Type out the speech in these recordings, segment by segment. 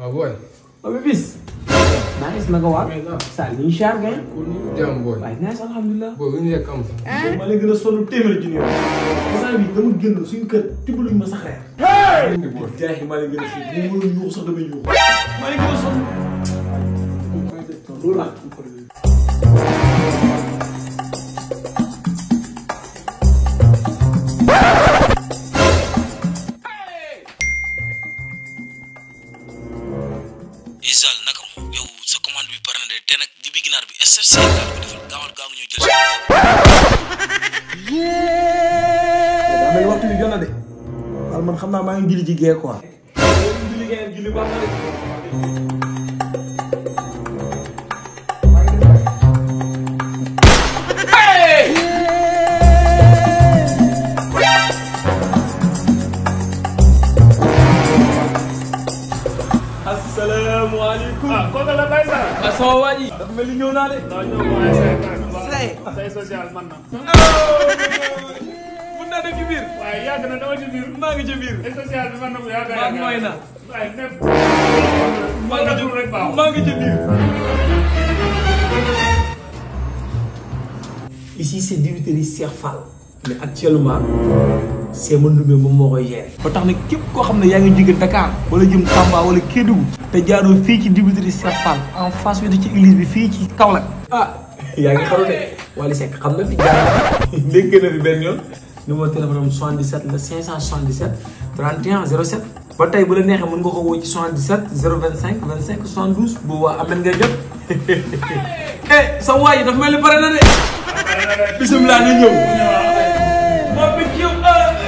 Abi biz. Nice magawa. Salin Shark hein. Jam boy. Waaye nice alhamdulilah. Booy bu ñu lekk am. ma leen gën a sonn téeméer junni yow. Instant bi dama génn suñu kër ma sax reer. hey. ma leen gën a sonn bu ma yuux sax damay yuux. ma leen gën a Rizal naka yow sa commande bi pare na de te nag dibi ginaar bi SFC daal ko defal gaawal gaaw nga jël si. waxtu bi jot na de. waaw man xam naa maa ngi julli ji gee quoi. salaamaaleykum. ah kooku la Baye Sarr. ah sama waa ji. dafa mel ni ñëw naa de. say social man oh! na. mun naa dem ci biir. waaye yàgg na dama ci biir. maa ngi ci biir. say social bi man na bu yàgg a yàgg. mooy na. waaye nepp. maa ngi ci rek baaxul maa ngi ci biir. ici c'est l'hôtellerie Serfal. mais actuellement c'est mon numéro mom moko yéré ba tax nak képp ko xamné ya nga jëgë Dakar wala jëm Tamba wala Kédougou té jaaro fi ci Dimitri Sefal en face wétu ci église bi fi ci Kaolack ah ya nga xaru dé wala sek xam na fi jaar dégg na fi ben yoon numéro téléphone 77 le 577 31 07 ba tay bu la nexé mën nga ko wo ci 77 025 25 72 bu wa amel nga jot eh sa way daf mel ni paré na dé bismillah ñu ñëw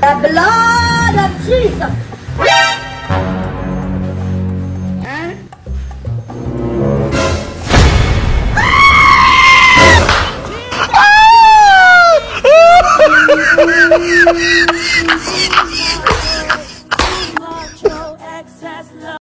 The blood of Jesus. Ah! Ah!